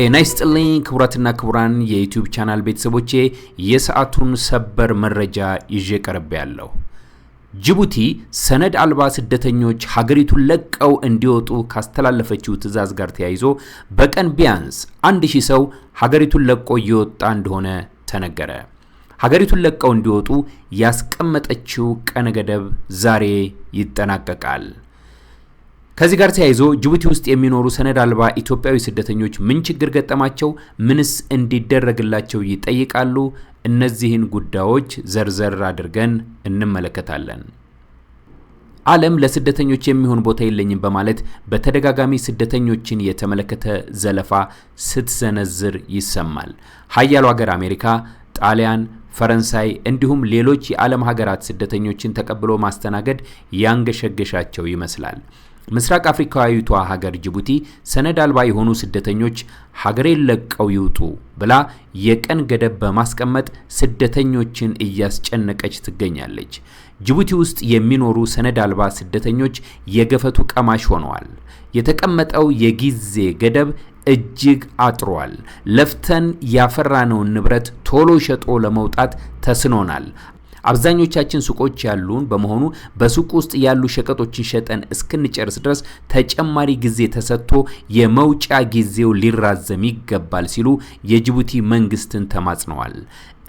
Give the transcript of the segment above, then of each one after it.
ጤና ይስጥልኝ ክቡራትና ክቡራን የዩቲዩብ ቻናል ቤተሰቦቼ የሰዓቱን ሰበር መረጃ ይዤ ቀርቤ ያለሁ። ጅቡቲ ሰነድ አልባ ስደተኞች ሀገሪቱን ለቀው እንዲወጡ ካስተላለፈችው ትዕዛዝ ጋር ተያይዞ በቀን ቢያንስ አንድ ሺህ ሰው ሀገሪቱን ለቆ እየወጣ እንደሆነ ተነገረ። ሀገሪቱን ለቀው እንዲወጡ ያስቀመጠችው ቀነ ገደብ ዛሬ ይጠናቀቃል። ከዚህ ጋር ተያይዞ ጅቡቲ ውስጥ የሚኖሩ ሰነድ አልባ ኢትዮጵያዊ ስደተኞች ምን ችግር ገጠማቸው? ምንስ እንዲደረግላቸው ይጠይቃሉ? እነዚህን ጉዳዮች ዘርዘር አድርገን እንመለከታለን። ዓለም ለስደተኞች የሚሆን ቦታ የለኝም በማለት በተደጋጋሚ ስደተኞችን የተመለከተ ዘለፋ ስትሰነዝር ይሰማል። ሀያሉ ሀገር አሜሪካ፣ ጣሊያን ፈረንሳይ እንዲሁም ሌሎች የዓለም ሀገራት ስደተኞችን ተቀብሎ ማስተናገድ ያንገሸገሻቸው ይመስላል። ምስራቅ አፍሪካዊቷ ሀገር ጅቡቲ ሰነድ አልባ የሆኑ ስደተኞች ሀገሬን ለቀው ይውጡ ብላ የቀን ገደብ በማስቀመጥ ስደተኞችን እያስጨነቀች ትገኛለች። ጅቡቲ ውስጥ የሚኖሩ ሰነድ አልባ ስደተኞች የገፈቱ ቀማሽ ሆነዋል። የተቀመጠው የጊዜ ገደብ እጅግ አጥሯል። ለፍተን ያፈራነውን ንብረት ቶሎ ሸጦ ለመውጣት ተስኖናል። አብዛኞቻችን ሱቆች ያሉን በመሆኑ በሱቅ ውስጥ ያሉ ሸቀጦችን ሸጠን እስክንጨርስ ድረስ ተጨማሪ ጊዜ ተሰጥቶ የመውጫ ጊዜው ሊራዘም ይገባል ሲሉ የጅቡቲ መንግስትን ተማጽነዋል።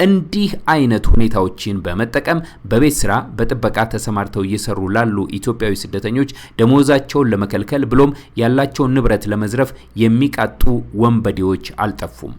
እንዲህ አይነት ሁኔታዎችን በመጠቀም በቤት ስራ በጥበቃ ተሰማርተው እየሰሩ ላሉ ኢትዮጵያዊ ስደተኞች ደሞዛቸውን ለመከልከል ብሎም ያላቸውን ንብረት ለመዝረፍ የሚቃጡ ወንበዴዎች አልጠፉም።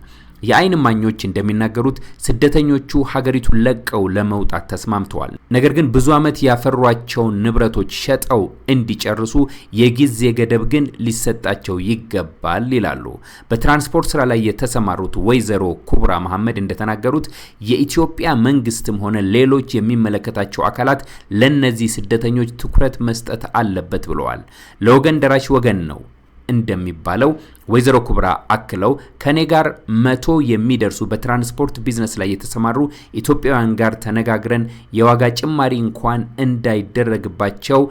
የአይን ማኞች እንደሚናገሩት ስደተኞቹ ሀገሪቱን ለቀው ለመውጣት ተስማምተዋል። ነገር ግን ብዙ ዓመት ያፈሯቸውን ንብረቶች ሸጠው እንዲጨርሱ የጊዜ ገደብ ግን ሊሰጣቸው ይገባል ይላሉ። በትራንስፖርት ስራ ላይ የተሰማሩት ወይዘሮ ኩብራ መሐመድ እንደተናገሩት የኢትዮጵያ መንግስትም ሆነ ሌሎች የሚመለከታቸው አካላት ለነዚህ ስደተኞች ትኩረት መስጠት አለበት ብለዋል። ለወገን ደራሽ ወገን ነው እንደሚባለው ወይዘሮ ኩብራ አክለው ከኔ ጋር መቶ የሚደርሱ በትራንስፖርት ቢዝነስ ላይ የተሰማሩ ኢትዮጵያውያን ጋር ተነጋግረን የዋጋ ጭማሪ እንኳን እንዳይደረግባቸው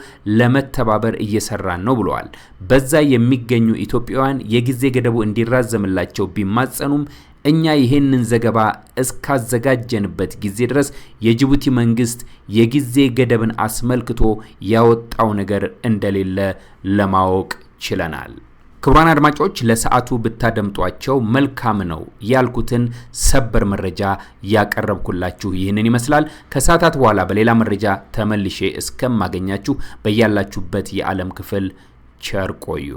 ለመተባበር እየሰራን ነው ብለዋል። በዛ የሚገኙ ኢትዮጵያውያን የጊዜ ገደቡ እንዲራዘምላቸው ቢማጸኑም እኛ ይህንን ዘገባ እስካዘጋጀንበት ጊዜ ድረስ የጅቡቲ መንግስት የጊዜ ገደብን አስመልክቶ ያወጣው ነገር እንደሌለ ለማወቅ ችለናል። ክቡራን አድማጮች ለሰዓቱ ብታደምጧቸው መልካም ነው ያልኩትን ሰበር መረጃ ያቀረብኩላችሁ ይህንን ይመስላል። ከሰዓታት በኋላ በሌላ መረጃ ተመልሼ እስከማገኛችሁ በያላችሁበት የዓለም ክፍል ቸር ቆዩ።